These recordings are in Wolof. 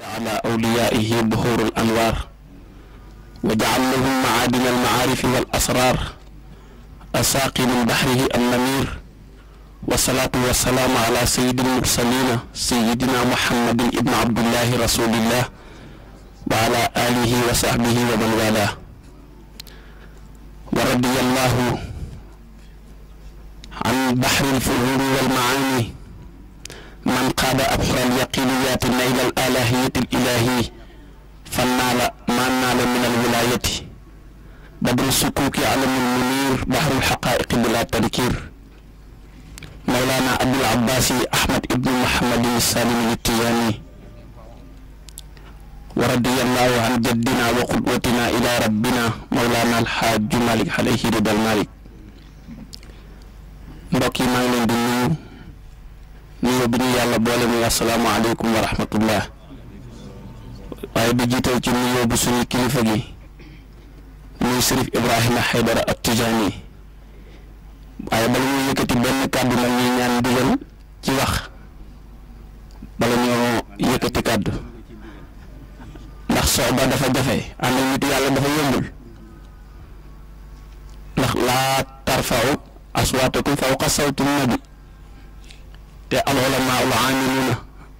ala awliyaihi buxuuru al anwaar wa jacal lahum macaadin almacaarifi wal asraar asaaqi min baxrihi annamir wasalaatu wasalaamu ala sayidi almursalina sayidina muhammadin ibn abdullahi rasulillah wa ala alihi wa saxbihi wa man walah wa radiya allahu an baxri alfuruuri walmacaani man qaada abxara alyaqiniyaati nayla al alahiyati al ilahi fan naa la maan naa la min al wilayati badru sukuuki alamul munir bahrul xaqaiqi bila tankir mawlaana abdul abbaasi ahmad ibnu muhammadin salimi tijaani wa radiyallahu an jaddina wa qudwatina ila rabbina mawlaana alxaaju malik alayhi ridal malik mbokk yi maa ngi leen di nuyu nuyoo bi ñu yàlla boole muy asalaamaaleykum wa rahmatullah waaye di jiital ci nuyoo bu suñu kilifa gi muy Serif Ibrahima Haydara At-Tijaani waaye bala ñuy yëkkati benn kàddu nag ñuy ñaan ndigal ci wax bala ñoo yëkkati kàddu ndax sooba dafa jafe ànd ak yàlla dafa yombul ndax laa tarfaw aswaatakum fawqa sawti nabi te al ulama al aamiluuna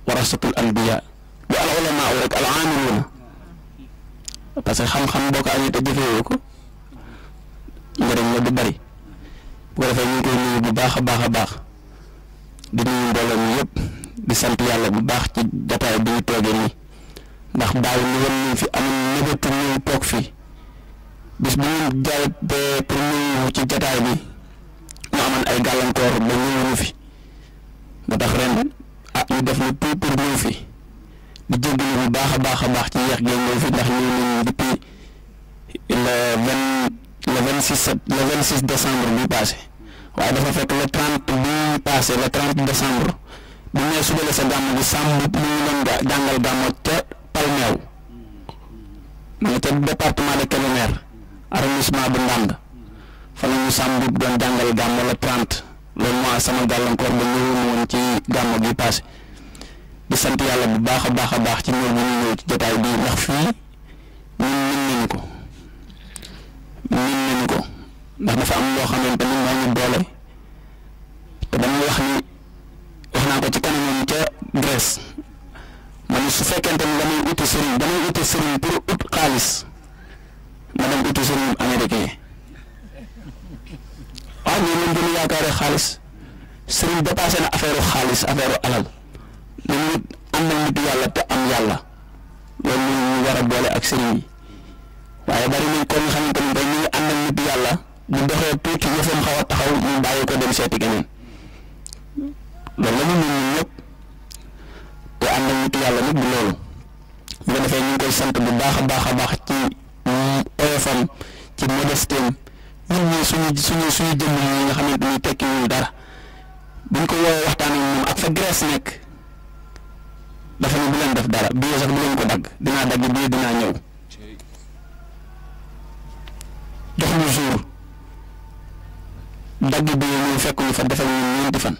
warasatul anbiya bu al ulama rek al aamiluuna parce que xam-xam boo ko amee te jëfewoo ko njëriñ la du bari bu ko defee ñu ngi koy nuyu bu baax a baax a baax di nuyu mbooloo mi yëpp di sant yàlla bu baax ci jataay bi ñu toogee nii ndax daaw ni woon ñu fi amoon nëbëtu ñu toog fii bis bu ñu jaay pour nuyu ci jataay bi mu amoon ay gàllankoor ba ñëwuñu fi. ba tax ren ah ñu def lu tout pour ñëw fi di jégalu bu baax a baax a baax ci yéex gi ñëw fi ndax ñëw nañu depuis le vingt le vingt six sept le vingt six décembre fekk le trente bi passé le trente bu ñu nee sa gàmm gi sàmm mu ngi doon jàngal gàmmo ca Palmeew mu ngi ca département de Kébémer arrondissement bu Ndande fa la ñu sàmm doon jàngal gàmmo le trente. loolu moo sama gàllankoor ba ñëw woon ci gàmmu gi passé di sant yàlla bu baax a baax a baax ci ñëw bu ñu ñëw ci jotaay bi ndax fii ñun mën nañu ko ndax dafa am loo xamante ni moo ñu boole te dama wax ni wax naa ko ci kanamam ca Grèce ma ne su fekkente ni damay uti sëriñ damay uti sëriñ pour ut xaalis ma dem uti sëriñ américain yaakaaree xaalis sëriñ dépassé na affaire xaalis affaire alal nañu am na nit yàlla te am yàlla loolu ñu war a boole ak sëriñ yi waaye bari nañ ko nga xamante ni dañ ñu am na nit yàlla bu doxee tuuti yëfam xaw a taxaw mu bàyyi ko dem seeti keneen loolu la ñu ñun ñëpp te am na nit yàlla nag bu loolu bu ko defee ñu ngi koy sant bu baax a baax a baax ci oyofam ci modestem ñun ñii suñu suñu suñu jëmm yi nga xamante ni tekki ñu dara buñ ko woowee waxtaan ak moom ak fa Grèce nekk dafa ne bu leen def dara bii sax bu leen ko dagg dinaa dagg bii dinaa ñëw jox ñu jour dagg bii ñëw fekk ñu fa defal ñu ñeenti fan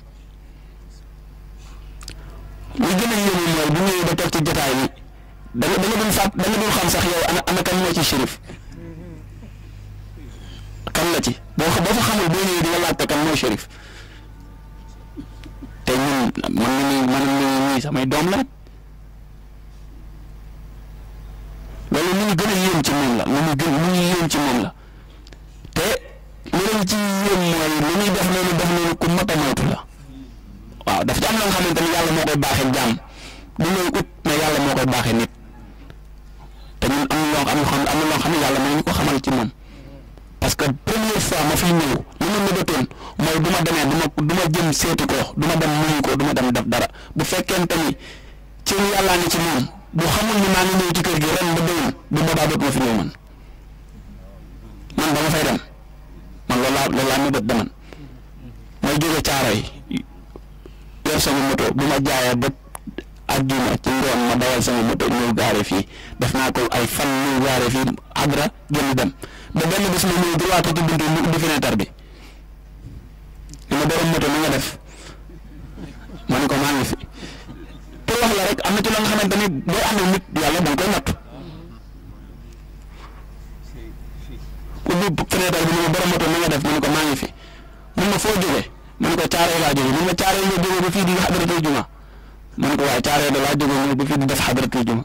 lu gën a yéeme bu ñëwee ba toog ci jotaay bi da nga da nga doon fàtt da nga doon xam sax yow ana ana kan moo ci shérif. kan la ci boo xam boo fa xamul boo ñëwee di nga laajte kan mooy shérif te ñun man nañu man nañu samay doom la rek loolu lu gën a yéem ci moom la lu ñu gën lu ñu yéem ci moom la te lu ci yéem mooy ñuy def noonu def noonu ku mat a moytu la waaw dafa ci am la nga xamante ni yàlla moo koy baaxee jàmm du loolu ut mais yàlla moo koy baaxee nit te ñun am na loo xam am na loo xam ne yàlla moo ñu ko xamal ci moom. parce que première fois ma fiy ñëw li ma mëbatoon mooy du ma demee du ma du jëm seeti ko du dem nuyu ko du ma dem def dara bu fekkente tamit ci yàllaa ni ci moom bu xamul ni maa ngi ñëw ci kër gi ren ba déwén bu boobaa doot ma fi ñëw man man ba ma fay dem man loolu laa loolu laa mëbat deman mooy jóge caaro yi yor sama moto bu ma jaayee ba àjjuma ci ngoon ma dawal sama moto ñëw gaare fii def naa ko ay fan ñëw gaare fii adra génn dem ba benn bés ma ñëw di waat ci buntu mu ubbi fenêtre bi li ma borom moto mi nga def ma ne ko la rek am na ci loo nga xamante ni boo amee nit yàlla da nga koy natt ubbi fenêtre bi ni ma mi nga def ma ne ko maa fi mun ma foo jógee ma ne ko caaree laa jógee mun ma nga jógee ba fii di xadratul juma ma ne ko waaye caaree da laa jógee ba fii di def xadratul juma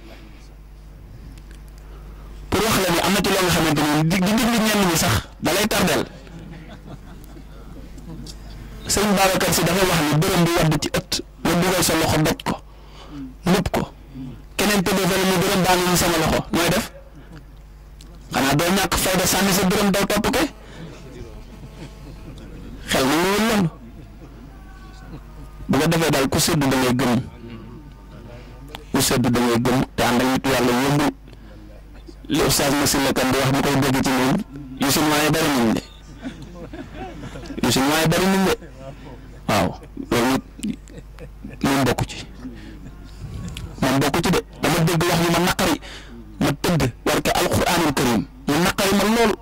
pour wax la ne am na ci loo nga xamante ni di di déglu ñenn ñi sax da lay tardel sëñ Babacar si dafa wax ni bërëm bi wadd ci ëtt nga dugal sa loxo doj ko nëb ko keneen tëddee fa mu bërëm daanu ñu sama loxo mooy def xanaa doo ñàkk fayda sànni sa bërëm daw topp kay xel na loolu loolu bu ko defee daal ku sëdd da ngay gëm ku sëdd da ngay gëm te ànd ak nit yàlla yóbbu li ustaas Massiré Kane di wax mu koy dégg ci moom yu suñu waaye bari nañ de yu suñu waaye bari nañ de waaw loolu moom bokku ci moom bokku ci de dama dégg wax yu ma naqari ma tëdd war ko alquraanul karim mu naqari ma loolu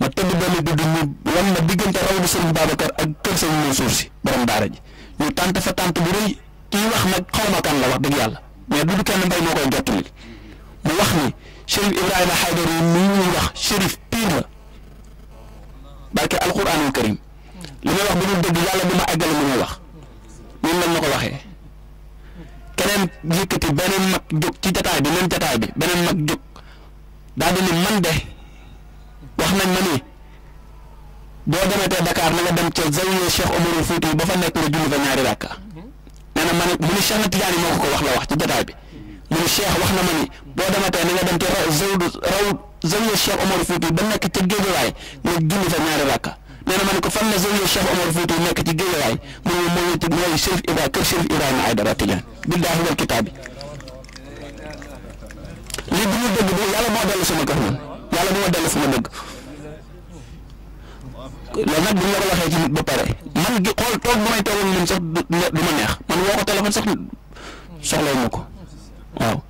ma tëdd benn guddi ñu wan ma diggante raw bu sëriñ Babacar ak kër sëñ Mansour si borom daara ji ñu tànt fa tànt bu rëy kii wax nag xaw ma kan la wax dëgg yàlla mais du kenn mbay moo koy jottali mu wax ni Chérif Ibrahima Haydara yi nii ñuy wax Chérif piir la barke alquranul karim lu may wax bu dul dëgg yàlla bu ma àggale mu may wax ñun lañ ma ko waxee keneen yëkkati beneen mag bi même jataay bi beneen mag daal di ni man de wax nañ ma ni boo demetee Dakar na nga dem ca zawiya Cheikh Omarul Fouti ba fa nekk nga julli fa ñaari rakka nee na ma ne mu ni Cheikh Tidiane moo ko ko wax la wax ci jataay bi. mu ne wax na ma ni boo dematee na nga dem te zawdu raw zawiya Cheikh Omar Fouti ba nekk ca Géejawaay nga julli ma ko fan la zawiya nekk ci Géejawaay mu ne mooy it mooy Chérif Ibra kër Chérif Ibrahima Aïdara Tidiane billaahi yàlla moo dellu sama kër man yàlla moo dellu sama dëgg loolu nag bu ñu la ko waxee ba pare man gi xool toog bu may toogoon ñun sax du ma neex man woo ko téléphone sax soxla wu ma ko. waaw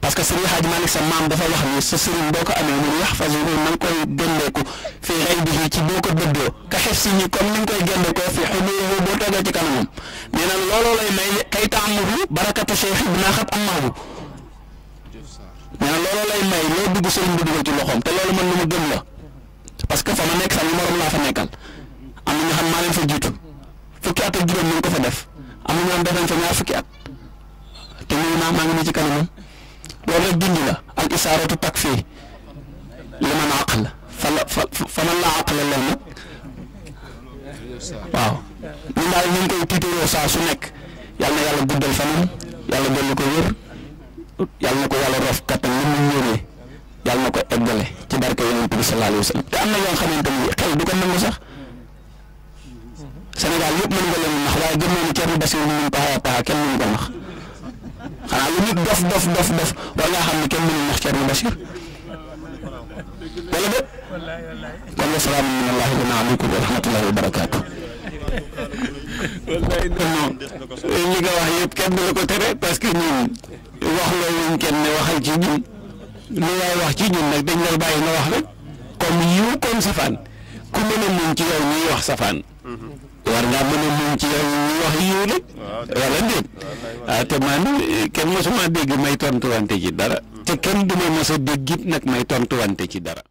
parce que Serigne Hadj Malick sa maam dafa wax ni sa sëriñ boo ko amee mun wax fas yéene nga koy génneeku fii rey bi fii ci boo ko dëddoo ka xef si ñi comme ni nga koy génne ko fii xëy na yow boo toogee ci kanamam nee na looloo lay may kay taamudu barakatu cheikh bi naa xam am maabu nee looloo lay may loo dugg sëriñ bi dugal ci loxoom te loolu man lu ma gëm la parce que fa ma nekk sama morom laa fa nekkal am na ñoo xam maa leen fa jiitu fukki at ak juróom ñu ko fa def am na ñoo xam def fa ñaar fukki at. te nuyu naa maa ngi nii ci kanamam loolu rek dund la al isaaratu takk fii li ma naa aqal la fa laa aqal la nag waaw ñun daal ñu koy tiitaroo saa su nekk yàlla yàlla guddal fanam yàlla dolli ko wér yàlla na ko yàlla roof kattan li mu yéene yàlla na ko eggale ci barke yonent bi sallallahu te am na yoo xamante ni xel du ko nangu sax Sénégal yëpp mën nga leen nax waaye gëm naa ne Thierno Bassirou ñu mën a taxa kenn mënu ko nax xanaa lu nit dof dof dof dof war ngaa xam ne kenn mënul nax Thierno Bachir wala déet kon wa salaamu min allahi wa aleykum wax yëpp kenn du ko tere parce que ñun wax loolu lañ kenn ne waxal ci ñun lu waay wax ci ñun nag dañ lay bàyyi nga wax rek comme yiw comme safaan ku mën a muñ ci yow ñuy wax safaan mm-hmm. war ngaa mën a muñ ci yow wax yiw nag wala déet ah te man eh, kenn mosuma dégg may tontuwante ci dara te kenn du ma mos a dégg it nag may tontuwante ci dara.